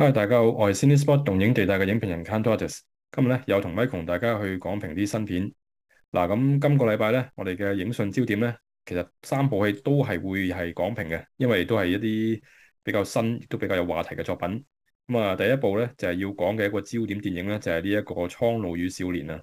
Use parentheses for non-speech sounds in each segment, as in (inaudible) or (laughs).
h 嗨，Hi，大家好，我係 Cinespot 動映地帶嘅影評人 Kantorates，今日咧又同 Michael 同大家去講評啲新片。嗱、啊，咁今個禮拜咧，我哋嘅影訊焦點咧，其實三部戲都係會係講評嘅，因為都係一啲比較新，亦都比較有話題嘅作品。咁啊，第一部咧就係、是、要講嘅一個焦點電影咧，就係呢一個《蒼鷺與少年》啊。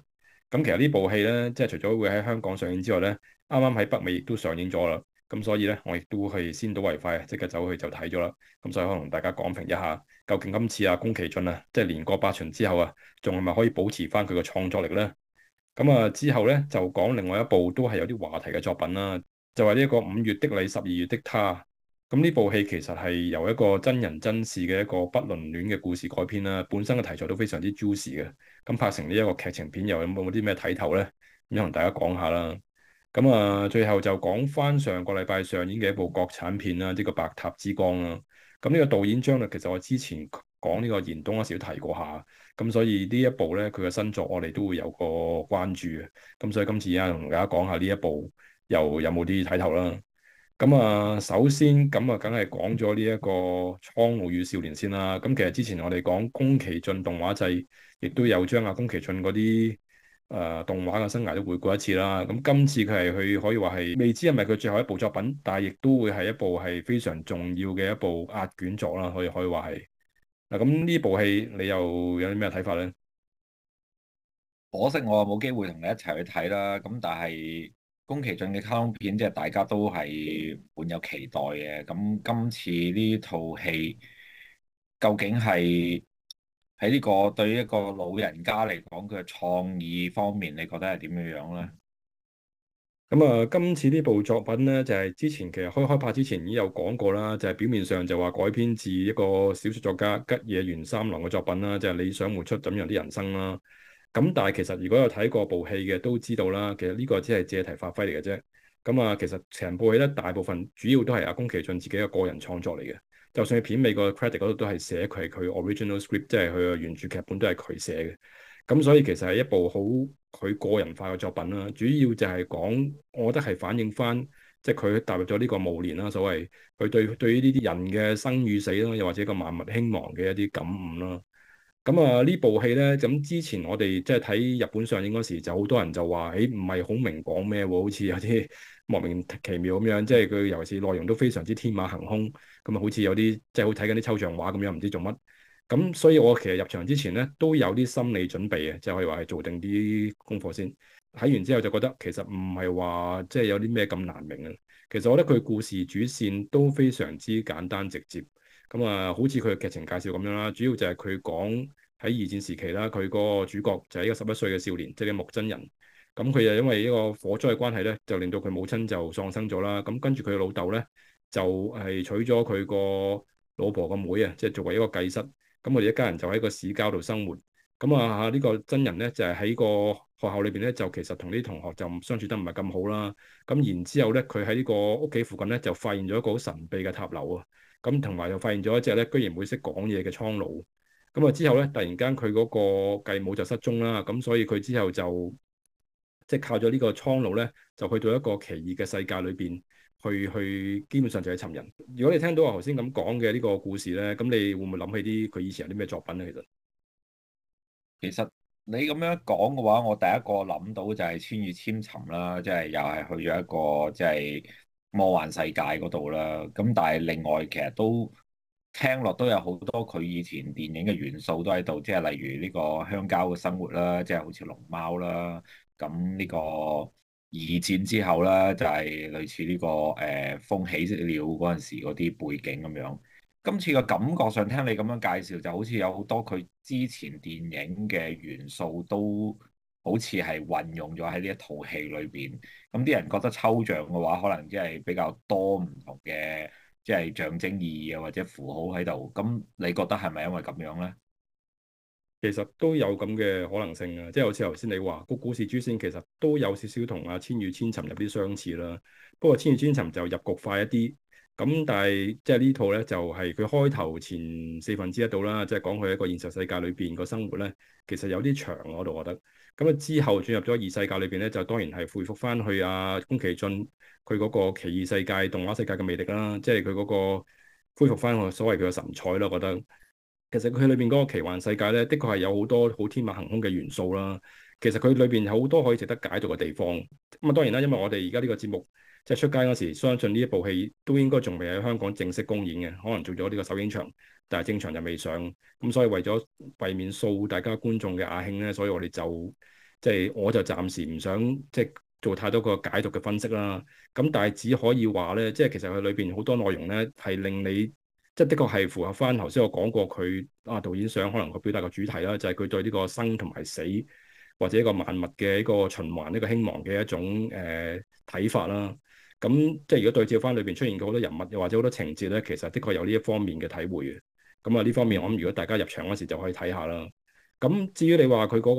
咁其實呢部戲咧，即係除咗會喺香港上映之外咧，啱啱喺北美亦都上映咗啦。咁所以咧，我亦都係先睹為快啊！即刻走去就睇咗啦。咁所以可能大家講評一下，究竟今次啊宮崎駿啊，即係年過八旬之後啊，仲係咪可以保持翻佢個創作力咧？咁啊之後咧就講另外一部都係有啲話題嘅作品啦，就係呢一個五月的你十二月的她。咁呢部戲其實係由一個真人真事嘅一個不倫戀嘅故事改編啦，本身嘅題材都非常之 juicy 嘅。咁拍成呢一個劇情片又有冇啲咩睇頭咧？咁同大家講下啦。咁啊，最後就講翻上個禮拜上演嘅一部國產片啦，呢、這個《白塔之光》啦。咁呢個導演張律，其實我之前講呢個延冬嗰時都提過下，咁所以呢一部咧佢嘅新作，我哋都會有個關注嘅。咁所以今次啊，同大家講下呢一部又有冇啲睇頭啦。咁啊，首先咁啊，梗係講咗呢一個《蒼鷺與少年》先啦。咁其實之前我哋講宮崎駿動畫祭，亦都有將阿、啊、宮崎駿嗰啲。誒，動畫嘅生涯都回顧一次啦。咁今次佢係佢可以話係未知係咪佢最後一部作品，但係亦都會係一部係非常重要嘅一部壓卷作啦。可以可以話係。咁呢部戲你又有啲咩睇法呢？可惜我冇機會同你一齊去睇啦。咁但係宮崎駿嘅卡通片，即係大家都係滿有期待嘅。咁今次呢套戲究竟係？喺呢個對於一個老人家嚟講，佢嘅創意方面，你覺得係點樣樣咧？咁啊，今次呢部作品咧，就係之前其實開開拍之前已經有講過啦，就係表面上就話改編自一個小説作家吉野源三郎嘅作品啦，就係你想活出怎樣啲人生啦。咁但係其實如果有睇過部戲嘅都知道啦，其實呢個只係借題發揮嚟嘅啫。咁啊，其實成部戲咧，大部分主要都係阿宮崎駿自己嘅個人創作嚟嘅。就算係片尾個 credit 嗰度都係寫佢係佢 original script，即係佢嘅原著劇本都係佢寫嘅。咁所以其實係一部好佢個人化嘅作品啦。主要就係講，我覺得係反映翻，即係佢踏入咗呢個暮年啦，所謂佢對對於呢啲人嘅生與死啦，又或者個萬物興亡嘅一啲感悟啦。咁啊，部戲呢部戲咧，咁之前我哋即係睇日本上映嗰時，就好多人就話：誒唔係好明講咩喎，好似有啲莫名其妙咁樣，即係佢尤其是內容都非常之天馬行空，咁啊好似有啲即係好睇緊啲抽象畫咁樣，唔知做乜。咁所以我其實入場之前呢，都有啲心理準備嘅，即係可以話係做定啲功課先。睇完之後就覺得其實唔係話即係有啲咩咁難明嘅。其實我覺得佢故事主線都非常之簡單直接。咁啊，好似佢嘅劇情介紹咁樣啦，主要就係佢講喺二戰時期啦，佢個主角就係一個十一歲嘅少年，即係木真人。咁佢、嗯、就因為呢個火災嘅關係咧，就令到佢母親就喪生咗啦。咁、嗯、跟住佢老豆咧就係、是、娶咗佢個老婆嘅妹啊，即、就、係、是、作為一個繼室。咁我哋一家人就喺個市郊度生活。咁、嗯、啊，呢、這個真人咧就係、是、喺個學校裏邊咧，就其實同啲同學就相處得唔係咁好啦。咁、嗯、然之後咧，佢喺呢個屋企附近咧就發現咗一個好神秘嘅塔樓啊。咁同埋又發現咗一隻咧，居然會識講嘢嘅蒼鷺。咁、嗯、啊，嗯嗯、之後咧突然間佢嗰個繼母就失蹤啦。咁、嗯、所以佢之後就即係靠咗呢個蒼鷺咧，就去到一個奇異嘅世界裏邊，去去基本上就係尋人。如果你聽到我頭先咁講嘅呢個故事咧，咁你會唔會諗起啲佢以前有啲咩作品咧？其實，其實你咁樣講嘅話，我第一個諗到就係《千與千尋》啦，即係又係去咗一個即係魔幻世界嗰度啦。咁但係另外其實都聽落都有好多佢以前電影嘅元素都喺度，即係例如呢個鄉郊嘅生活啦，即係好似《龍貓》啦。咁呢個二戰之後咧，就係類似呢個誒風起了嗰陣時嗰啲背景咁樣。今次個感覺上聽你咁樣介紹，就好似有好多佢之前電影嘅元素都好似係運用咗喺呢一套戲裏邊。咁啲人覺得抽象嘅話，可能即係比較多唔同嘅，即係象徵意義啊，或者符號喺度。咁你覺得係咪因為咁樣咧？其實都有咁嘅可能性啊，即係好似頭先你話個故事主線，其實都有少少同啊《千與千尋》有啲相似啦。不過《千與千尋》就入局快一啲，咁但係即係呢套咧就係佢開頭前四分之一度啦，即係講佢一個現實世界裏邊個生活咧，其實有啲長嗰度，我覺得。咁啊之後轉入咗異世界裏邊咧，就當然係恢復翻去啊宮崎駿佢嗰個奇異世界動畫世界嘅魅力啦，即係佢嗰個恢復翻我所謂佢嘅神采咯，我覺得。其實佢裏邊嗰個奇幻世界咧，的確係有好多好天馬行空嘅元素啦。其實佢裏邊有好多可以值得解讀嘅地方。咁啊，當然啦，因為我哋而家呢個節目即係出街嗰時，相信呢一部戲都應該仲未喺香港正式公演嘅，可能做咗呢個首映場，但係正常就未上。咁所以為咗避免掃大家觀眾嘅雅興咧，所以我哋就即係我就暫時唔想即係做太多個解讀嘅分析啦。咁但係只可以話咧，即係其實佢裏邊好多內容咧，係令你。即係的確係符合翻頭先我講過佢啊導演想可能佢表達個主題啦，就係、是、佢對呢個生同埋死或者一個萬物嘅一個循環、一個興亡嘅一種誒睇、呃、法啦。咁即係如果對照翻裏邊出現過好多人物又或者好多情節咧，其實的確有呢一方面嘅體會嘅。咁啊呢方面我諗如果大家入場嗰時就可以睇下啦。咁至於你話佢嗰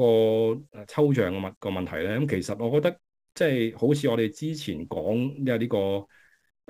個抽象個問個問題咧，咁其實我覺得即係好似我哋之前講即係呢個。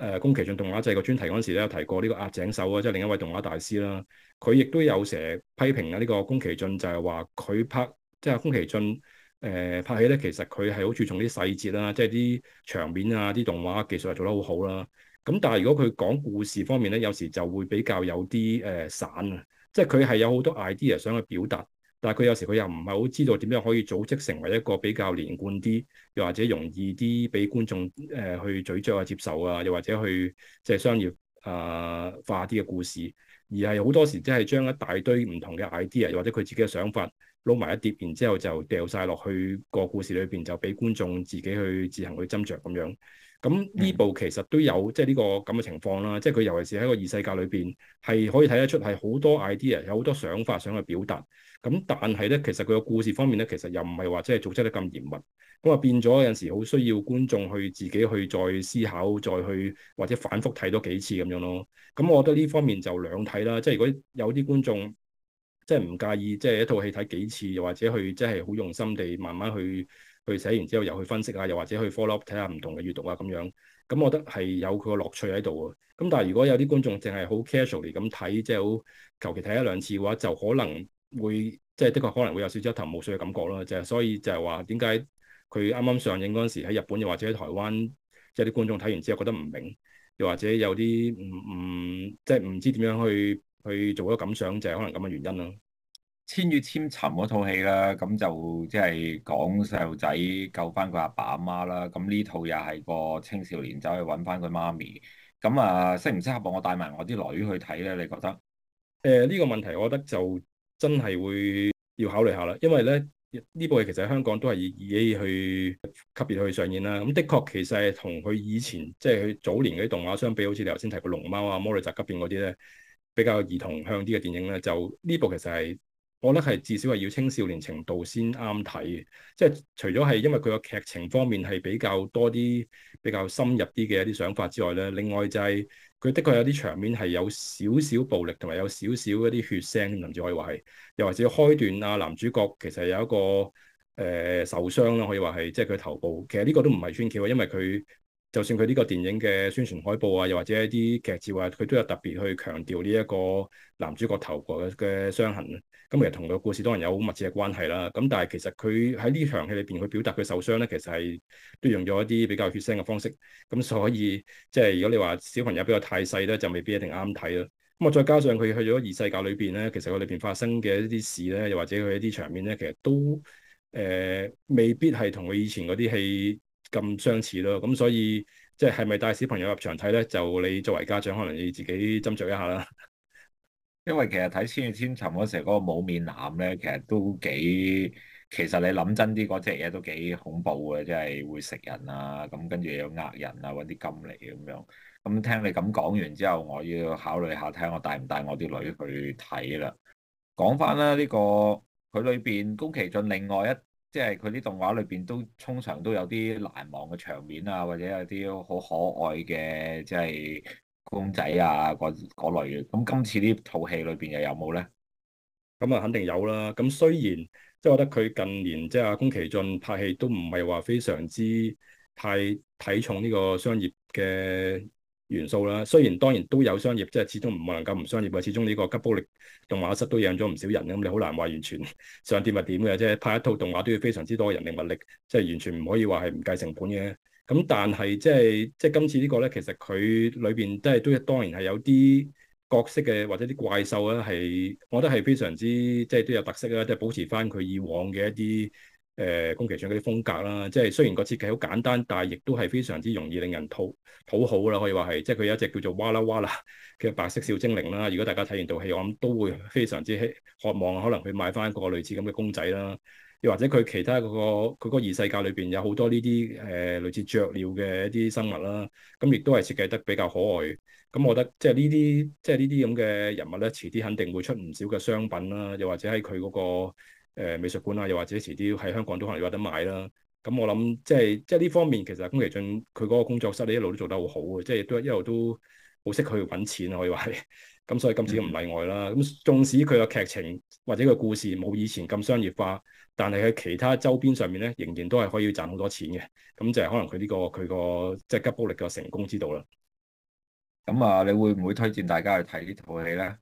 誒、呃、宮崎駿動畫祭個專題嗰陣時咧，有提過呢個押井守啊，即係另一位動畫大師啦。佢亦都有成日批評啊，呢、這個宮崎駿就係話佢拍，即係宮崎駿誒、呃、拍戲咧，其實佢係好注重啲細節啦，即係啲場面啊、啲動畫技術係做得好好、啊、啦。咁但係如果佢講故事方面咧，有時就會比較有啲誒、呃、散啊，即係佢係有好多 idea 想去表達。但係佢有時佢又唔係好知道點樣可以組織成為一個比較連貫啲，又或者容易啲俾觀眾誒、呃、去咀嚼啊、接受啊，又或者去即係商業啊、呃、化啲嘅故事，而係好多時即係將一大堆唔同嘅 idea 又或者佢自己嘅想法撈埋一碟，然之後就掉晒落去個故事裏邊，就俾觀眾自己去自行去斟酌咁樣。咁呢部其實都有即係呢個咁嘅情況啦，即係佢尤其是喺個異世界裏邊，係可以睇得出係好多 idea，有好多想法想去表達。咁但係咧，其實佢個故事方面咧，其實又唔係話即係組織得咁嚴密。咁啊變咗有陣時好需要觀眾去自己去再思考，再去或者反覆睇多幾次咁樣咯。咁我覺得呢方面就兩睇啦。即係如果有啲觀眾即係唔介意，即係一套戲睇幾次，又或者去即係好用心地慢慢去。去寫完之後，又去分析下、啊，又或者去 follow 睇下唔同嘅閲讀啊，咁樣，咁我覺得係有佢個樂趣喺度嘅。咁但係如果有啲觀眾淨係好 casually 咁睇，即係好求其睇一兩次嘅話，就可能會即係的確可能會有少少一頭霧水嘅感覺咯。就係所以就係話點解佢啱啱上映嗰陣時喺日本，又或者喺台灣，即係啲觀眾睇完之後覺得唔明，又或者有啲唔唔即係唔知點樣去去做個感想，就係、是、可能咁嘅原因啦。千與千尋嗰套戲啦，咁就即係講細路仔救翻佢阿爸阿媽啦。咁呢套又係個青少年走去揾翻佢媽咪。咁啊，適唔適合我帶埋我啲女去睇咧？你覺得？誒呢、呃呢個問題，我覺得就真係會要考慮下啦。因為咧，呢部戲其實香港都係以二 A 去級別去上演啦。咁的確其實係同佢以前即係佢早年嗰啲動畫相比，好似你頭先提過《龍貓》啊，《魔女宅急便》嗰啲咧，比較兒童向啲嘅電影咧，就呢部其實係。我覺得係至少係要青少年程度先啱睇嘅，即係除咗係因為佢個劇情方面係比較多啲比較深入啲嘅一啲想法之外咧，另外就係佢的確有啲場面係有少少暴力同埋有少少一啲血腥，甚至可以話係，又或者開段啊，男主角其實有一個誒、呃、受傷啦，可以話係，即係佢頭部，其實呢個都唔係穿橋因為佢。就算佢呢個電影嘅宣傳海報啊，又或者一啲劇照啊，佢都有特別去強調呢一個男主角頭部嘅傷痕。咁其實同個故事當然有好密切嘅關係啦。咁但係其實佢喺呢場戲裏邊，佢表達佢受傷咧，其實係都用咗一啲比較血腥嘅方式。咁所以即係、就是、如果你話小朋友比較太細咧，就未必一定啱睇啦。咁啊，再加上佢去咗異世界裏邊咧，其實佢裏邊發生嘅一啲事咧，又或者佢一啲場面咧，其實都誒、呃、未必係同佢以前嗰啲戲。咁相似咯，咁所以即係咪帶小朋友入場睇咧？就你作為家長，可能要自己斟酌一下啦。因為其實睇《千與千尋》嗰時，嗰個冇面男咧，其實都幾其實你諗真啲，嗰隻嘢都幾恐怖嘅，即係會食人啊，咁跟住又呃人啊，搵啲金嚟咁樣。咁聽你咁講完之後，我要考慮下，睇下我帶唔帶我啲女去睇啦。講返啦，呢個佢裏面宮崎駿另外一。即係佢啲動畫裏邊都通常都有啲難忘嘅場面啊，或者有啲好可愛嘅即係公仔啊，嗰嗰類嘅。咁今次呢套戲裏邊又有冇咧？咁啊肯定有啦。咁雖然即係我覺得佢近年即係啊宮崎駿拍戲都唔係話非常之太睇重呢個商業嘅。元素啦，雖然當然都有商業，即係始終唔能夠唔商業嘅。始終呢個吉卜力動畫室都養咗唔少人，咁你好難話完全上天係點嘅即係。拍一套動畫都要非常之多人力物力，即係完全唔可以話係唔計成本嘅。咁但係即係即係今次個呢個咧，其實佢裏邊都係都當然係有啲角色嘅或者啲怪獸咧，係我覺得係非常之即係都有特色啦，即係保持翻佢以往嘅一啲。誒、呃、宮崎駿嗰啲風格啦，即係雖然個設計好簡單，但係亦都係非常之容易令人討討好啦。可以話係，即係佢有一隻叫做哇啦哇啦嘅白色小精靈啦。如果大家睇完部戲，我諗都會非常之希渴望可能去買翻一個類似咁嘅公仔啦。又或者佢其他嗰、嗰個佢個異世界裏邊有好多呢啲誒類似雀鳥嘅一啲生物啦，咁、嗯、亦都係設計得比較可愛。咁我覺得即係呢啲即係呢啲咁嘅人物咧，遲啲肯定會出唔少嘅商品啦。又或者喺佢嗰個。誒、呃，美術館啊，又或者遲啲喺香港都可能有得買啦。咁我諗即係即係呢方面，其實宮崎駿佢嗰個工作室你一路都做得好好嘅，即係都一路都好識佢搵錢，可以話係。咁所以今次唔例外啦。咁、嗯、縱使佢個劇情或者個故事冇以前咁商業化，但係喺其他周邊上面咧，仍然都係可以賺好多錢嘅。咁就係可能佢呢、這個佢個即係吉卜力嘅成功之道啦。咁啊，你會唔會推薦大家去睇呢套戲咧？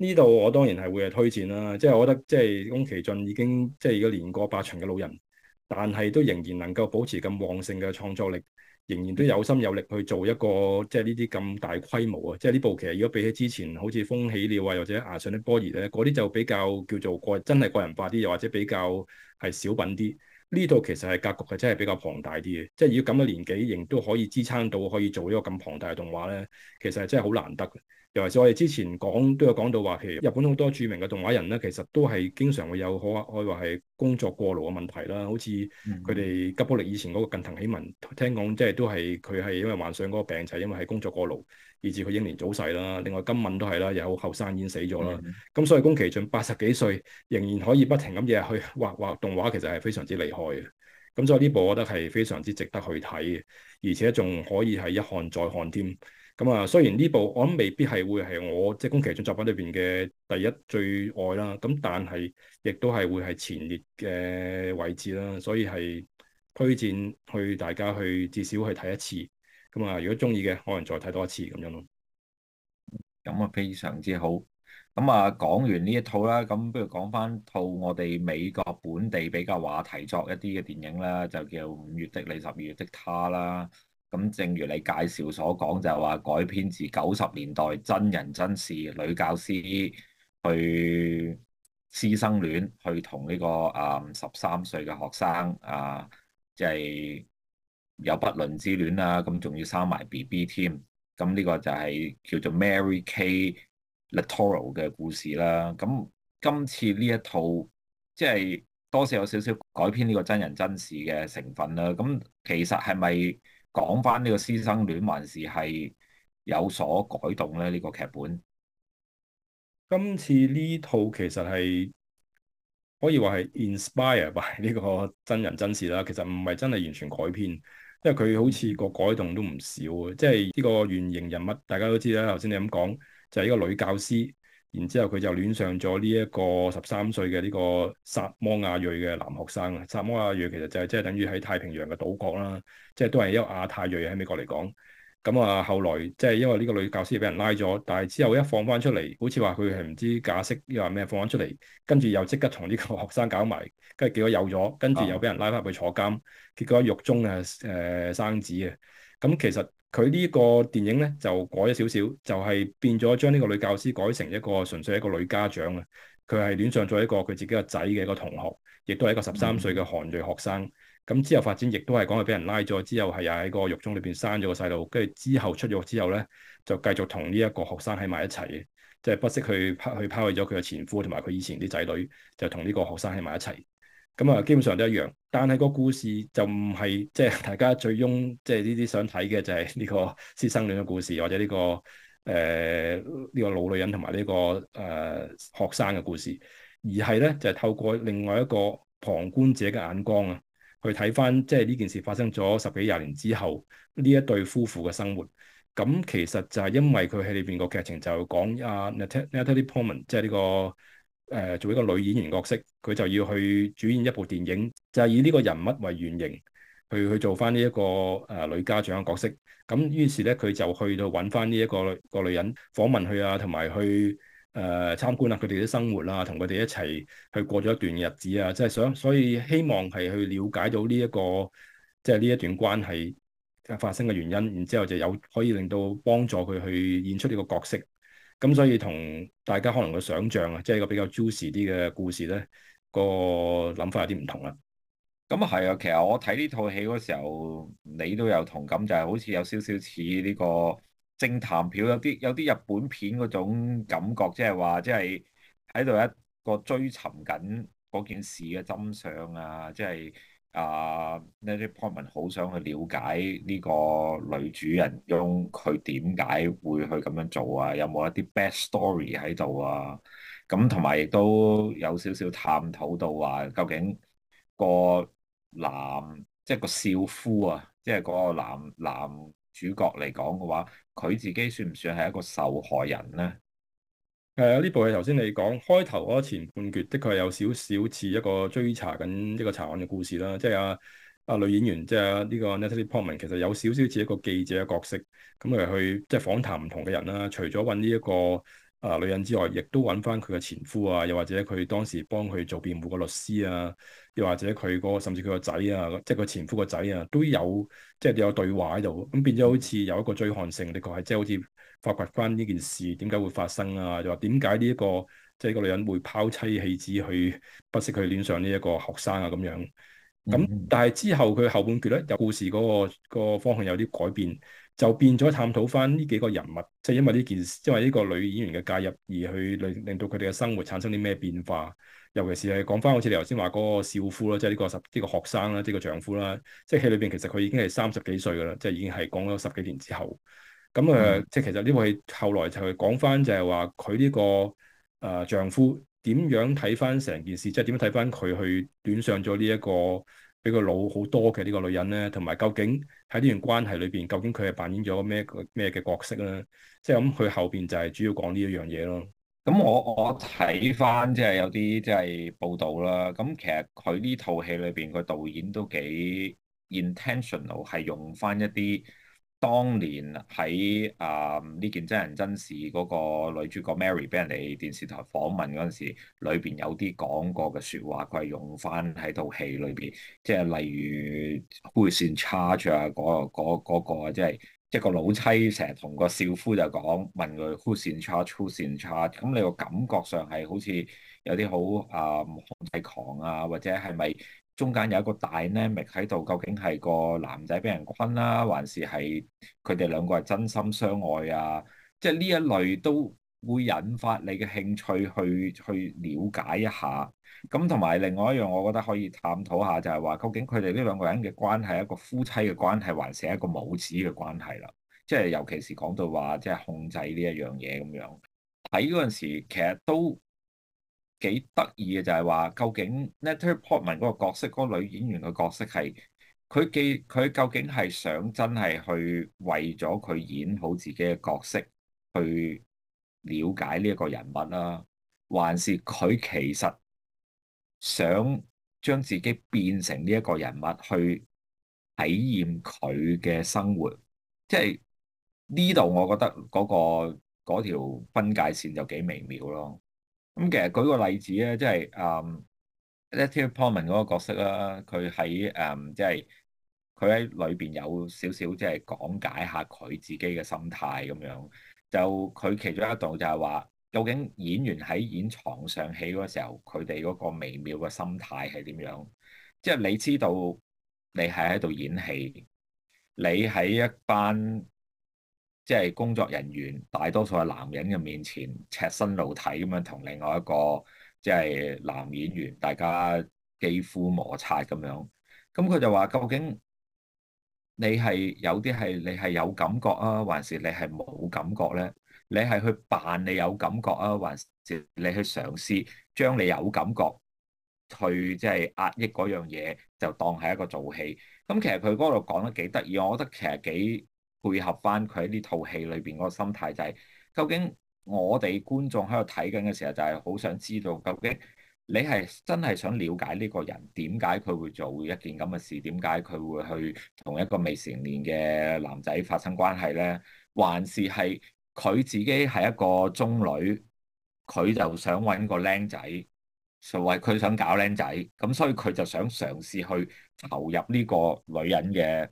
呢度我當然係會係推薦啦，即係我覺得即係宮崎駿已經即係如果年過八旬嘅老人，但係都仍然能夠保持咁旺盛嘅創作力，仍然都有心有力去做一個即係呢啲咁大規模啊！即係呢部其實如果比起之前好似《風起了》啊，或者《崖上の波兒》咧，嗰啲就比較叫做個真係個人化啲，又或者比較係小品啲。呢度其實係格局係真係比較龐大啲嘅，即係如果咁嘅年紀仍都可以支撐到可以做一個龐呢個咁龐大嘅動畫咧，其實係真係好難得。尤其係我哋之前講都有講到話，其實日本好多著名嘅動畫人咧，其實都係經常會有可以話係工作過勞嘅問題啦。好似佢哋吉卜力以前嗰個近藤喜文聽，聽講即係都係佢係因為患上嗰個病，就係、是、因為係工作過勞，以至佢英年早逝啦。另外金敏都係啦，有後生已經煙死咗啦。咁、mm hmm. 所以宮崎駿八十幾歲仍然可以不停咁日去畫畫動畫，其實係非常之厲害嘅。咁所以呢部我覺得係非常之值得去睇嘅，而且仲可以係一看再看添。咁啊，雖然呢部我諗未必係會係我即係、就是、宮崎駿作品裏邊嘅第一最愛啦，咁但係亦都係會係前列嘅位置啦，所以係推薦去大家去至少去睇一次。咁啊，如果中意嘅，可能再睇多一次咁樣咯。咁啊，非常之好。咁啊，講完呢一套啦，咁不如講翻套我哋美國本地比較話題作一啲嘅電影啦，就叫《五月的你十二月的她》啦。咁正如你介紹所講，就話改編自九十年代真人真事，女教師去師生戀，去同呢個啊十三歲嘅學生啊，即係有不倫之戀啦，咁仲要生埋 B B 添，咁呢個就係叫做 Mary Kay Letourneau 嘅故事啦。咁今次呢一套即係多少有少少改編呢個真人真事嘅成分啦。咁其實係咪？講翻呢個師生戀還是係有所改動咧，呢個劇本，今次呢套其實係可以話係 inspire by 呢個真人真事啦。其實唔係真係完全改編，因為佢好似個改動都唔少嘅。即係呢個原型人物，大家都知啦。頭先你咁講就係一個女教師。然之後佢就戀上咗呢一個十三歲嘅呢個薩摩亞裔嘅男學生啊，薩摩亞裔其實就係即係等於喺太平洋嘅島國啦，即、就、係、是、都係一個亞太裔喺美國嚟講。咁、嗯、啊，後來即係、就是、因為呢個女教師俾人拉咗，但係之後一放翻出嚟，好似話佢係唔知假釋又話咩放翻出嚟，跟住又即刻同呢個學生搞埋，跟住結果有咗，跟住又俾人拉翻去坐監，啊、結果喺獄中啊誒、呃、生子嘅。咁、嗯、其實佢呢個電影呢，就改咗少少，就係變咗將呢個女教師改成一個純粹一個女家長啦。佢係戀上咗一個佢自己個仔嘅一個同學，亦都係一個十三歲嘅韓裔學生。咁之後發展亦都係講佢俾人拉咗，之後係又喺個獄中裏邊生咗個細路，跟住之後出獄之後呢，就繼續同呢一個學生喺埋一齊嘅，即係不惜去拋去拋棄咗佢嘅前夫同埋佢以前啲仔女，就同呢個學生喺埋一齊。咁啊，基本上都一樣，但係個故事就唔係即係大家最鍾意即係呢啲想睇嘅，就係、是、呢個師生戀嘅故事，或者呢、這個誒呢、呃這個老女人同埋呢個誒、呃、學生嘅故事，而係咧就係、是、透過另外一個旁觀者嘅眼光啊，去睇返即係呢件事發生咗十幾廿年之後呢一對夫婦嘅生活。咁其實就係因為佢喺裏邊個劇情就講啊，Natalie Portman，即係呢個。誒、呃、做一個女演員角色，佢就要去主演一部電影，就係、是、以呢個人物為原型去去做返呢一個誒、呃、女家長嘅角色。咁於是咧，佢就去到搵返呢一個、這個女人訪問佢啊，同埋去誒呃、參觀下佢哋啲生活啊，同佢哋一齊去過咗一段日子啊，即、就、係、是、想所以希望係去了解到呢、這、一個即係呢一段關係發生嘅原因，然之後就有可以令到幫助佢去演出呢個角色。咁所以同大家可能嘅想象啊，即係一個比較 juicy 啲嘅故事咧，個諗法有啲唔同啦。咁啊係啊，其實我睇呢套戲嗰時候，你都有同感，就係好似有少少似呢個政壇票，有啲有啲日本片嗰種感覺，即係話即係喺度一個追尋緊嗰件事嘅真相啊，即係。啊！呢啲 portman 好想去了解呢個女主人，用佢點解會去咁樣做啊？有冇一啲 bad story 喺度啊？咁同埋亦都有少少探討到話，究竟個男即係、就是、個少夫啊，即係嗰個男男主角嚟講嘅話，佢自己算唔算係一個受害人咧？係啊，呢部係頭先你講開頭前半段，的確係有少少似一個追查緊一個查案嘅故事啦。即係阿阿女演員，即係呢個 Natalie Portman，其實有少少似一個記者嘅角色，咁佢去即係訪談唔同嘅人啦。除咗揾呢一個啊女人之外，亦都揾翻佢嘅前夫啊，又或者佢當時幫佢做辯護嘅律師啊，又或者佢嗰、嗰個甚至佢個仔啊，即係佢前夫個仔啊，都有即係、即係、有對話喺度，咁變咗好似有一個追看性，的確係即係好似。發掘翻呢件事點解會發生啊？又話點解呢一個即係、就是、個女人會拋妻棄子去不惜去戀上呢一個學生啊咁樣。咁但係之後佢後半段咧，有故事嗰、那個、那個方向有啲改變，就變咗探討翻呢幾個人物，即、就、係、是、因為呢件事，因為呢個女演員嘅介入而去令令到佢哋嘅生活產生啲咩變化？尤其是係講翻好似你頭先話嗰個少夫啦，即係呢個十呢、這個學生啦，呢、這個丈夫啦，即係戲裏邊其實佢已經係三十幾歲噶啦，即、就、係、是、已經係講咗十幾年之後。咁誒，即係、嗯、其實呢部戲後來就係講翻，就係話佢呢個誒丈夫點樣睇翻成件事，即係點樣睇翻佢去戀上咗呢一個比佢老好多嘅呢個女人咧，同埋究竟喺呢段關係裏邊，究竟佢係扮演咗咩咩嘅角色咧？即係咁，佢後邊就係主要講呢一樣嘢咯。咁我我睇翻即係有啲即係報導啦。咁其實佢呢套戲裏邊個導演都幾 intentional，係用翻一啲，當年喺啊呢件真人真事嗰個女主角 Mary 俾人哋電視台訪問嗰陣時，裏邊有啲講過嘅説話，佢係用翻喺套戲裏邊、就是，即係例如 Who's in charge 啊，嗰個即係即係個老妻成日同個少夫就講問佢 Who's in charge? Who's in charge? 咁你個感覺上係好似有啲好啊控制狂啊，或者係咪？中間有一個大 link 喺度，究竟係個男仔俾人姦啦、啊，還是係佢哋兩個係真心相愛啊？即係呢一類都會引發你嘅興趣去去了解一下。咁同埋另外一樣，我覺得可以探討下就係話，究竟佢哋呢兩個人嘅關係係一個夫妻嘅關係，還是一個母子嘅關係啦？即、就、係、是、尤其是講到話即係控制呢一樣嘢咁樣喺嗰陣時，其實都。幾得意嘅就係話，究竟 Natalie Portman 嗰個角色，嗰個女演員嘅角色係佢既，佢究竟係想真係去為咗佢演好自己嘅角色，去了解呢一個人物啦，還是佢其實想將自己變成呢一個人物去體驗佢嘅生活？即係呢度，我覺得嗰個嗰條分界線就幾微妙咯。咁其實舉個例子咧，即係嗯 Natalie Portman 嗰個角色啦，佢喺誒即係佢喺裏邊有少少即係講解下佢自己嘅心態咁樣。就佢其中一度就係話，究竟演員喺演床上戲嗰時候，佢哋嗰個微妙嘅心態係點樣？即係你知道你係喺度演戲，你喺一班。即係工作人員大多數係男人嘅面前赤身露體咁樣同另外一個即係、就是、男演員，大家肌膚摩擦咁樣。咁佢就話：究竟你係有啲係你係有感覺啊，還是你係冇感覺咧？你係去扮你有感覺啊，還是你去嘗試將你有感覺去即係壓抑嗰樣嘢，就當係一個做戲？咁其實佢嗰度講得幾得意，我覺得其實幾。配合翻佢喺呢套戲裏邊嗰個心態、就是，就係究竟我哋觀眾喺度睇緊嘅時候，就係好想知道，究竟你係真係想了解呢個人點解佢會做一件咁嘅事？點解佢會去同一個未成年嘅男仔發生關係呢？還是係佢自己係一個中女，佢就想揾個靚仔，所謂佢想搞靚仔，咁所以佢就想嘗試去投入呢個女人嘅。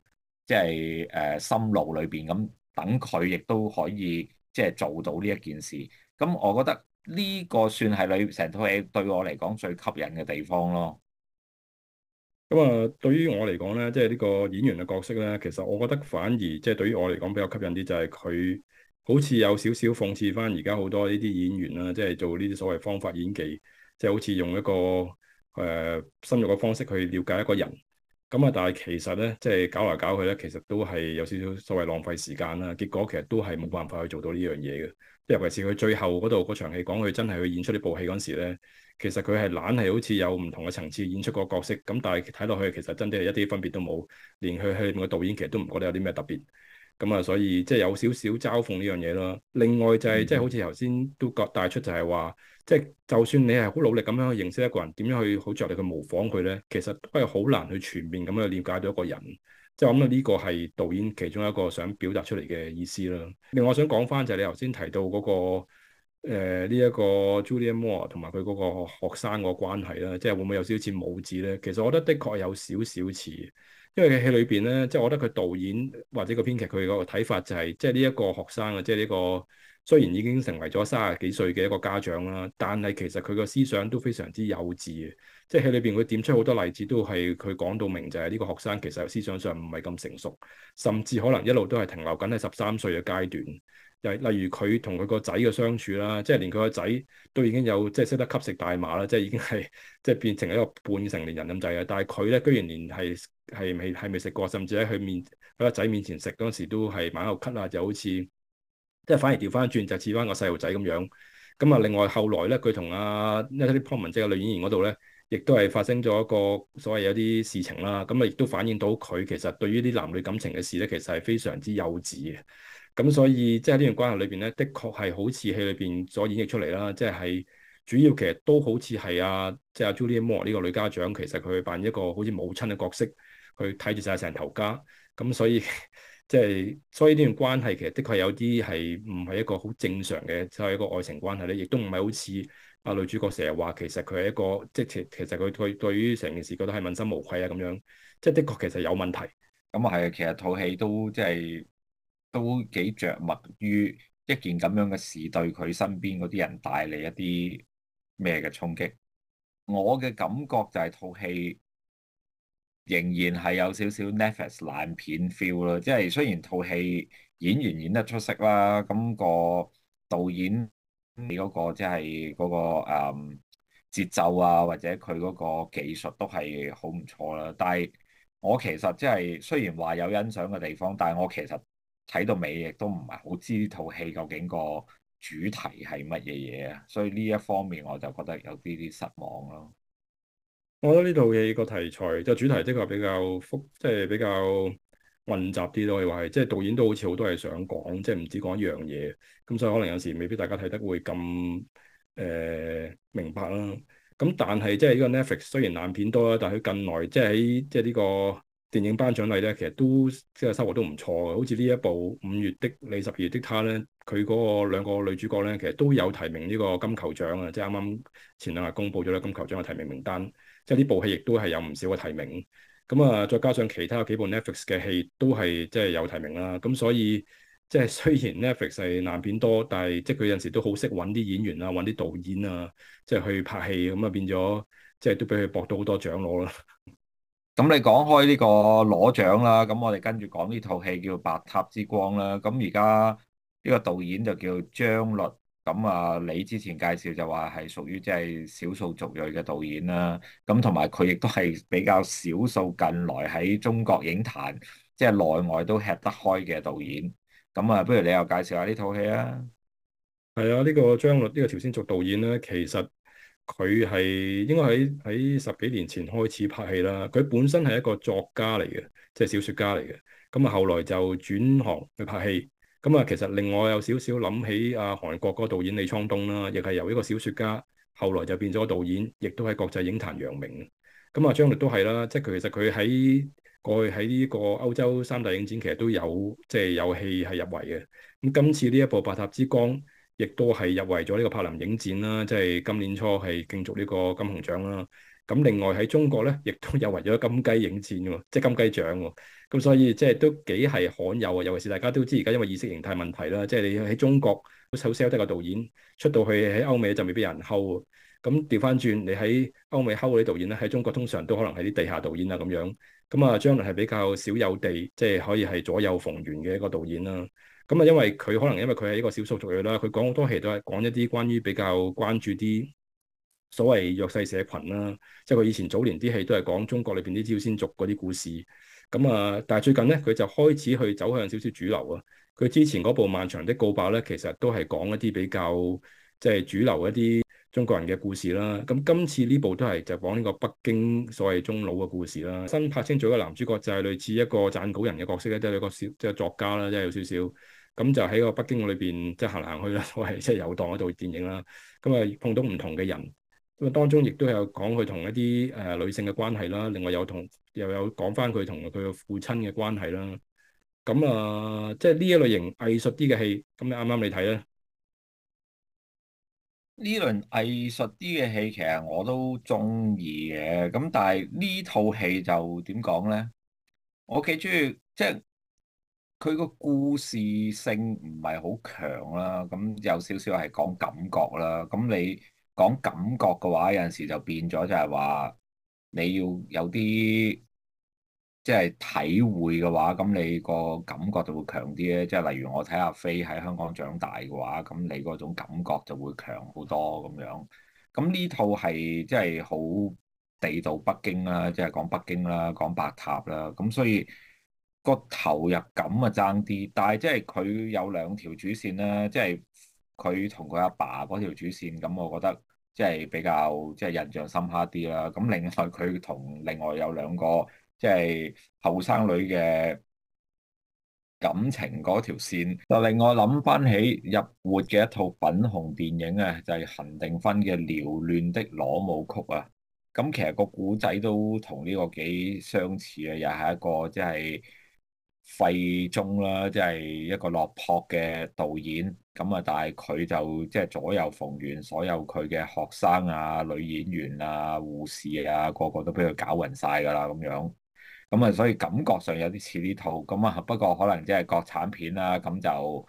即係誒心路裏邊咁等佢，亦都可以即係做到呢一件事。咁我覺得呢個算係整成套戲對我嚟講最吸引嘅地方咯。咁啊、嗯呃，對於我嚟講咧，即係呢個演員嘅角色咧，其實我覺得反而即係對於我嚟講比較吸引啲，就係、是、佢好似有少少諷刺翻而家好多呢啲演員啦、啊，即係做呢啲所謂方法演技，即係好似用一個誒深入嘅方式去了解一個人。咁啊、嗯，但係其實咧，即係搞嚟搞去咧，其實都係有少少所謂浪費時間啦。結果其實都係冇辦法去做到呢樣嘢嘅。尤其是佢最後嗰度嗰場戲，講佢真係去演出呢部戲嗰時咧，其實佢係懶係好似有唔同嘅層次演出個角色。咁但係睇落去其實真係一啲分別都冇，連佢戲入面嘅導演其實都唔覺得有啲咩特別。咁啊，嗯、所以即係、就是、有少少嘲諷呢樣嘢咯。另外就係即係好似頭先都講帶出就，就係話，即係就算你係好努力咁樣去認識一個人，點樣去好着力去模仿佢咧，其實都係好難去全面咁去了解到一個人。即、就、係、是、我諗到呢個係導演其中一個想表達出嚟嘅意思啦。另外我想講翻就係你頭先提到嗰、那個呢一、呃這個 Julianne Moore 同埋佢嗰個學生個關係啦，即、就、係、是、會唔會有少少似母子咧？其實我覺得的確有少少似。因為戲裏邊咧，即係我覺得佢導演或者個編劇佢嗰個睇法就係，即係呢一個學生啊，即係呢個雖然已經成為咗卅幾歲嘅一個家長啦，但係其實佢個思想都非常之幼稚嘅。即係戲裏邊佢點出好多例子，都係佢講到明就係呢個學生其實思想上唔係咁成熟，甚至可能一路都係停留緊喺十三歲嘅階段。又例如佢同佢個仔嘅相處啦，即係連佢個仔都已經有即係識得吸食大麻啦，即係已經係即係變成一個半成年人咁滯啊！但係佢咧居然連係～係未，係未食過，甚至喺佢面，喺個仔面前食嗰陣時，都係猛口咳啊！就好似即係反而調翻轉，就似翻個細路仔咁樣。咁啊，另外後來咧，佢同啊 Natalie Portman 即係個女演員嗰度咧，亦都係發生咗一個所謂有啲事情啦。咁啊、嗯，亦都反映到佢其實對於啲男女感情嘅事咧，其實係非常之幼稚嘅。咁所以即係呢段關係裏邊咧，的確係好似戲裏邊所演繹出嚟啦。即係主要其實都好似係啊，即係阿 Julianne Moore 呢個女家長，其實佢扮一個好似母親嘅角色。佢睇住晒成頭家，咁所以即係、就是，所以呢段關係其實的確有啲係唔係一個好正常嘅，即、就、係、是、一個愛情關係咧，亦都唔係好似啊女主角成日話，其實佢係一個即係其實佢對對於成件事覺得係問心無愧啊咁樣，即係的確其實有問題。咁啊係，其實套戲都即係都幾着墨於一件咁樣嘅事對佢身邊嗰啲人帶嚟一啲咩嘅衝擊。我嘅感覺就係套戲，仍然係有少少 Netflix 爛片 feel 咯，即係雖然套戲演員演得出色啦，咁個導演你嗰個即係嗰個誒節奏啊，或者佢嗰個技術都係好唔錯啦。但係我其實即係雖然話有欣賞嘅地方，但係我其實睇到尾亦都唔係好知套戲究竟個主題係乜嘢嘢啊，所以呢一方面我就覺得有啲啲失望咯。我覺得呢套戲個題材就主題的確比較複，即係比較混雜啲咯。可以話係，即係導演都好似好多係想講，即係唔止講一樣嘢，咁所以可能有時未必大家睇得會咁誒、呃、明白啦。咁但係即係呢個 Netflix 雖然爛片多啦，但係佢近來即係喺即係呢個電影頒獎禮咧，其實都即係收穫都唔錯嘅。好似呢一部《五月的你》、《十二月的她呢》咧，佢嗰個兩個女主角咧，其實都有提名呢個金球獎啊！即係啱啱前兩日公布咗咧金球獎嘅提名名單。即係呢部戲亦都係有唔少嘅提名，咁啊再加上其他有幾部 Netflix 嘅戲都係即係有提名啦，咁所以即係雖然 Netflix 係爛片多，但係即係佢有陣時都好識揾啲演員啊、揾啲導演啊，即係去拍戲，咁啊變咗即係都俾佢博到好多獎攞啦。咁你講開呢個攞獎啦，咁我哋跟住講呢套戲叫《白塔之光》啦，咁而家呢個導演就叫張律。咁啊，你之前介紹就話係屬於即係少數族裔嘅導演啦、啊。咁同埋佢亦都係比較少數近來喺中國影壇，即係內外都吃得開嘅導演。咁啊，不如你又介紹下呢套戲啊？係、這、啊、個，呢、這個張律呢個朝鮮族導演咧、啊，其實佢係應該喺喺十幾年前開始拍戲啦。佢本身係一個作家嚟嘅，即係小說家嚟嘅。咁啊，後來就轉行去拍戲。咁啊、嗯，其實另外有少少諗起啊，韓國個導演李滄東啦，亦係由一個小說家，後來就變咗導演，亦都喺國際影壇揚名。咁、嗯、啊，張律都係啦，即係其實佢喺過去喺呢個歐洲三大影展其實都有，即、就、係、是、有戲係入圍嘅。咁、嗯、今次呢一部《白塔之光》亦都係入圍咗呢個柏林影展啦，即係今年初係競逐呢個金熊獎啦。咁另外喺中國咧，亦都有為咗金雞影展喎，即係金雞獎喎，咁所以即係都幾係罕有啊！尤其是大家都知而家因為意識形態問題啦，即係你喺中國首 sell 得個導演出到去喺歐美就未必有人溝喎。咁調翻轉，你喺歐美溝嗰啲導演咧，喺中國通常都可能係啲地下導演啊咁樣。咁啊，將來係比較少有地即係、就是、可以係左右逢源嘅一個導演啦。咁啊，因為佢可能因為佢係一個少數族裔啦，佢講好多戲都係講一啲關於比較關注啲。所謂弱勢社群啦，即係佢以前早年啲戲都係講中國裏邊啲朝鮮族嗰啲故事，咁啊，但係最近咧佢就開始去走向少少主流啊。佢之前嗰部《漫長的告白》咧，其實都係講一啲比較即係、就是、主流一啲中國人嘅故事啦。咁今次呢部都係就是、講呢個北京所謂中佬嘅故事啦。辛柏青咗嘅男主角就係類似一個撰稿人嘅角色咧，即、就、係、是、一個少即係作家啦，即、就、係、是、有少少咁就喺個北京裏邊即係行行去啦，所謂即係遊蕩嗰度電影啦。咁啊，碰到唔同嘅人。咁啊，當中亦都有講佢同一啲誒女性嘅關係啦，另外有同又有講返佢同佢嘅父親嘅關係啦。咁啊，即係呢一類型藝術啲嘅戲，咁你啱唔啱你睇咧？呢輪藝術啲嘅戲其實我都中意嘅，咁但係呢套戲就點講咧？我幾中意，即係佢個故事性唔係好強啦，咁有少少係講感覺啦，咁你。講感覺嘅話，有陣時就變咗，就係話你要有啲即係體會嘅話，咁你個感覺就會強啲咧。即係例如我睇阿飛喺香港長大嘅話，咁你嗰種感覺就會強好多咁樣。咁呢套係即係好地道北京啦，即係講北京啦，講白塔啦。咁所以個投入感啊爭啲，但係即係佢有兩條主線啦，即係佢同佢阿爸嗰條主線，咁我覺得。即係比較即係印象深刻啲啦。咁另外佢同另外有兩個即係後生女嘅感情嗰條線，就令我諗翻起日活嘅一套粉紅電影啊，就係、是、恒定芬嘅《撩亂的裸舞曲》啊。咁其實個古仔都同呢個幾相似啊，又係一個即係廢中啦，即、就、係、是、一個落魄嘅導演。咁啊，但係佢就即係左右逢源，所有佢嘅學生啊、女演員啊、護士啊，個個都俾佢搞暈晒㗎啦，咁樣。咁啊，所以感覺上有啲似呢套。咁啊，不過可能即係國產片啦、啊，咁就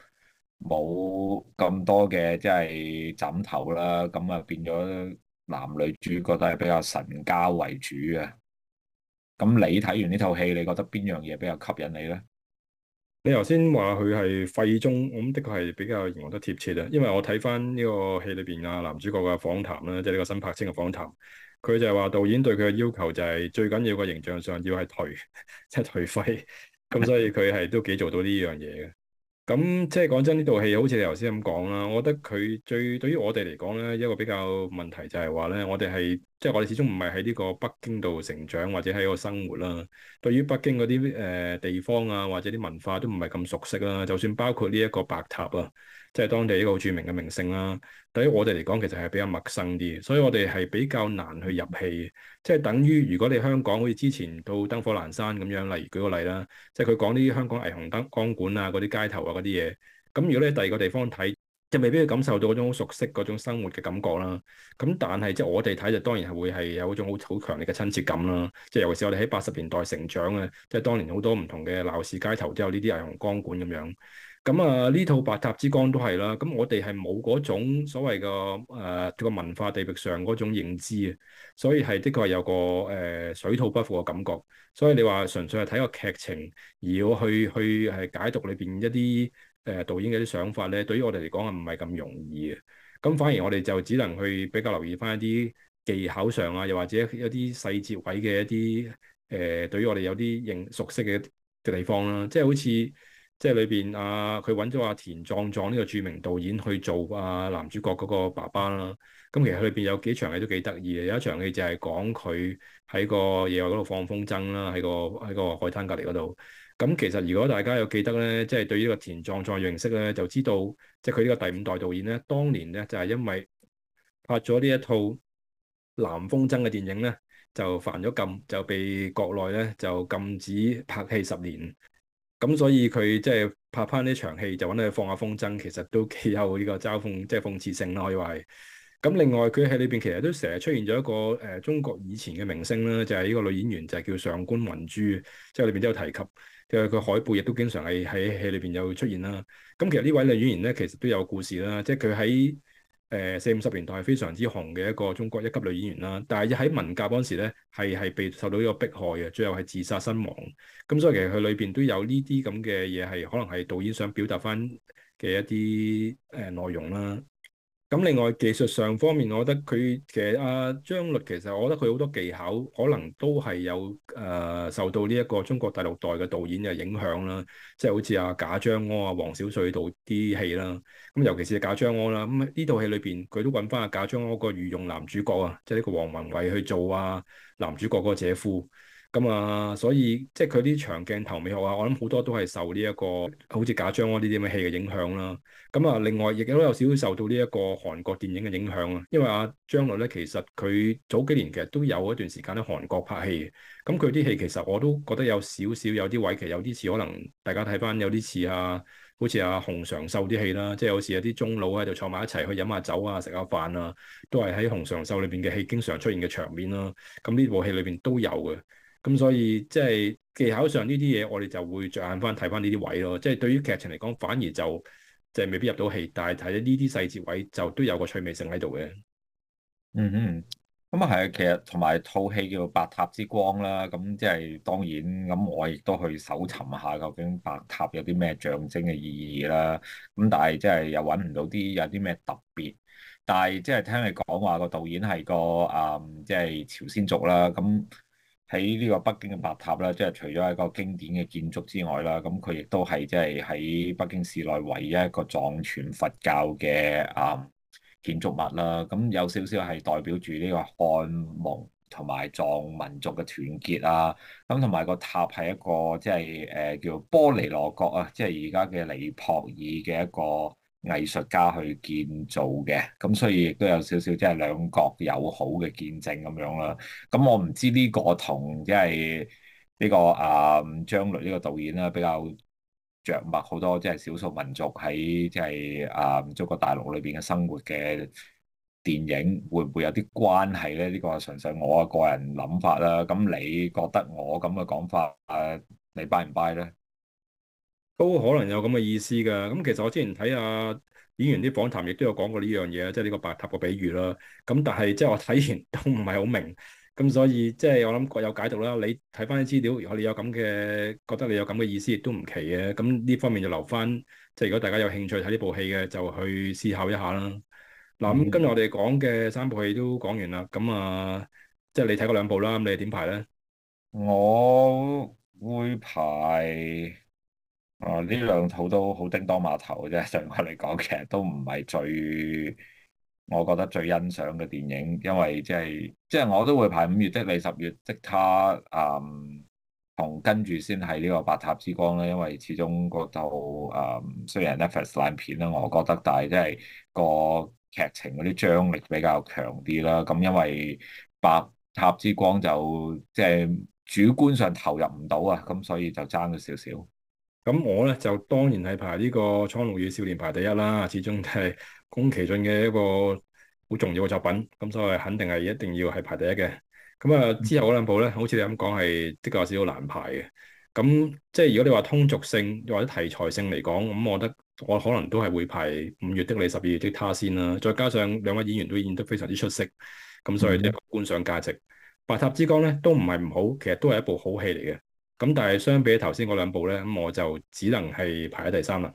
冇咁多嘅即係枕頭啦。咁啊，變咗男女主角都係比較神交為主啊。咁你睇完呢套戲，你覺得邊樣嘢比較吸引你咧？你頭先話佢係廢中，咁的確係比較形容得貼切啊！因為我睇翻呢個戲裏邊啊，男主角嘅訪談啦，即係呢個辛柏青嘅訪談，佢就係話導演對佢嘅要求就係最緊要嘅形象上要係頹， (laughs) 即係頹廢，咁所以佢係都幾做到呢樣嘢嘅。咁即係講真，呢套戲好似你頭先咁講啦，我覺得佢最對於我哋嚟講咧，一個比較問題就係話咧，我哋係。即係我哋始終唔係喺呢個北京度成長或者喺度生活啦、啊，對於北京嗰啲誒地方啊或者啲文化都唔係咁熟悉啦、啊。就算包括呢一個白塔啊，即係當地一個好著名嘅名勝啦、啊，對於我哋嚟講其實係比較陌生啲，所以我哋係比較難去入戲。即係等於如果你香港好似之前到燈火闌珊咁樣，例如舉個例啦，即係佢講啲香港霓虹燈光管啊、嗰啲街頭啊嗰啲嘢，咁如果你喺第二個地方睇。就未必去感受到嗰種好熟悉嗰種生活嘅感覺啦。咁但係即係我哋睇就當然係會係有一種好好強烈嘅親切感啦。即係尤其是我哋喺八十年代成長嘅，即係當年好多唔同嘅鬧市街頭都有呢啲霓虹光管咁樣。咁啊呢套《白塔之光》都係啦。咁我哋係冇嗰種所謂嘅誒個文化地域上嗰種認知啊，所以係的確係有個誒、呃、水土不服嘅感覺。所以你話純粹係睇個劇情，而要去去係解讀裏邊一啲。誒、呃、導演嘅啲想法咧，對於我哋嚟講係唔係咁容易嘅？咁反而我哋就只能去比較留意返一啲技巧上啊，又或者一啲細節位嘅一啲誒、呃，對於我哋有啲認熟悉嘅嘅地方啦、啊。即係好似即係裏邊啊，佢揾咗阿田壯壯呢個著名導演去做啊男主角嗰個爸爸啦、啊。咁其實裏邊有幾場戲都幾得意嘅，有一場戲就係講佢喺個野外嗰度放風箏啦、啊，喺個喺個海灘隔籬嗰度。咁其實如果大家有記得咧，即、就、係、是、對於呢個田壯壯認識咧，就知道即係佢呢個第五代導演咧，當年咧就係、是、因為拍咗呢一套藍風箏嘅電影咧，就犯咗禁，就被國內咧就禁止拍戲十年。咁所以佢即係拍翻呢場戲，就揾佢放下風箏，其實都幾有呢個嘲諷，即、就、係、是、諷刺性咯、啊，可以話係。咁另外佢喺裏邊其實都成日出現咗一個誒、呃、中國以前嘅明星啦，就係、是、呢個女演員就係、是、叫上官雲珠，即係裏邊都有提及。即係佢海報亦都經常係喺戲裏邊有出現啦。咁其實呢位女演員咧，其實都有故事啦。即係佢喺誒四五十年代係非常之紅嘅一個中國一級女演員啦。但係喺文革嗰陣時咧，係係被受到呢個迫害嘅，最後係自殺身亡。咁所以其實佢裏邊都有呢啲咁嘅嘢係可能係導演想表達返嘅一啲誒內容啦。咁另外技術上方面，我覺得佢嘅實阿、啊、張律其實我覺得佢好多技巧可能都係有誒、呃、受到呢一個中國第六代嘅導演嘅影響啦，即係好似阿賈樟柯啊、黃小帥導啲戲啦。咁尤其是賈賈樟柯啦，咁呢套戲裏邊佢都揾翻阿賈樟柯個御用男主角啊，即係呢個王文偉去做啊男主角個姐夫。咁啊、嗯，所以即係佢啲長鏡頭美學啊，我諗好多都係受呢、這、一個好似賈樟柯呢啲咁嘅戲嘅影響啦。咁、嗯、啊，另外亦都有少少受到呢一個韓國電影嘅影響啊。因為阿張樂咧，其實佢早幾年其實都有一段時間喺韓國拍戲。咁佢啲戲其實我都覺得有少少有啲偽奇，有啲似可能大家睇返，有啲似啊，好似阿洪常秀啲戲啦，即係有時有啲中佬喺、啊、度坐埋一齊去飲下酒啊、食下飯啊，都係喺洪常秀裏邊嘅戲經常出現嘅場面啦。咁、嗯、呢部戲裏邊都有嘅。咁所以即係技巧上呢啲嘢，我哋就會着眼翻睇翻呢啲位咯。即係對於劇情嚟講，反而就即係未必入到戲，但係睇咗呢啲細節位就都有個趣味性喺度嘅。嗯哼，咁啊係啊，其實同埋套戲叫做《白塔之光》啦，咁即係當然，咁我亦都去搜尋下究竟白塔有啲咩象徵嘅意義啦。咁但係即係又揾唔到啲有啲咩特別，但係即係聽你講話個導演係個誒即係朝鮮族啦，咁。喺呢個北京嘅白塔啦，即係除咗係一個經典嘅建築之外啦，咁佢亦都係即係喺北京市內唯一一個藏傳佛教嘅啊建築物啦。咁有少少係代表住呢個漢蒙同埋藏民族嘅團結啊。咁同埋個塔係一個即係誒叫波尼羅國啊，即係而家嘅尼泊爾嘅一個。藝術家去建造嘅，咁所以亦都有少少即係兩國友好嘅見證咁樣啦。咁我唔知呢個同即係呢個啊張律呢個導演啦比較着墨好多，即係少數民族喺即係啊中國大陸裏邊嘅生活嘅電影，會唔會有啲關係咧？呢個純粹我個人諗法啦。咁你覺得我咁嘅講法，你 buy 唔 buy 咧？都可能有咁嘅意思㗎。咁其實我之前睇阿演員啲訪談，亦都有講過呢樣嘢，即係呢個白塔個比喻啦。咁但係即係我睇完都唔係好明。咁所以即係我諗各有解讀啦。你睇翻啲資料，如果你有咁嘅覺得，你有咁嘅意思，亦都唔奇嘅。咁呢方面就留翻。即係如果大家有興趣睇呢部戲嘅，就去思考一下啦。嗱、嗯，咁今日我哋講嘅三部戲都講完啦。咁啊，即係你睇過兩部啦。咁你點排咧？我會排。啊！呢兩、呃、套都好叮噹馬頭嘅啫，對我嚟講，其實都唔係最我覺得最欣賞嘅電影，因為即係即係我都會排五月的你、十月的她，嗯，同跟住先係呢個白塔之光咧，因為始終嗰套嗯雖然 Netflix 爛片啦，我覺得，但係即係個劇情嗰啲張力比較強啲啦。咁因為白塔之光就即係、就是、主觀上投入唔到啊，咁所以就爭咗少少。咁我咧就當然係排呢個《蒼鷺與少年》排第一啦，始終都係宮崎駿嘅一個好重要嘅作品，咁所以肯定係一定要係排第一嘅。咁啊之後嗰兩部咧，好似你咁講係的確有少少難排嘅。咁即係如果你話通俗性或者題材性嚟講，咁我覺得我可能都係會排《五月的你》《十二月的他》先啦。再加上兩位演員都演得都非常之出色，咁所以呢一個觀賞價值。《白塔之光》咧都唔係唔好，其實都係一部好戲嚟嘅。咁但係相比起頭先嗰兩部咧，咁我就只能係排喺第三啦。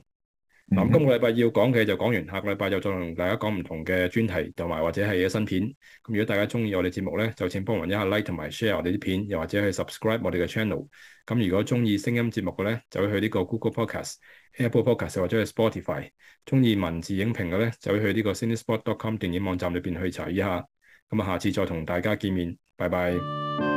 咁、嗯、哼今個禮拜要講嘅就講完，下個禮拜就再同大家講唔同嘅專題，同埋或者係嘅新片。咁如果大家中意我哋節目咧，就請幫忙一下 like 同埋 share 我哋啲片，又或者係 subscribe 我哋嘅 channel。咁如果中意聲音節目嘅咧，就會去呢個 Google Podcast、Apple Podcast，或者係 Spotify。中意文字影評嘅咧，就會去呢個 CineSpot.com 電影網站裏邊去查一下。咁啊，下次再同大家見面，拜拜。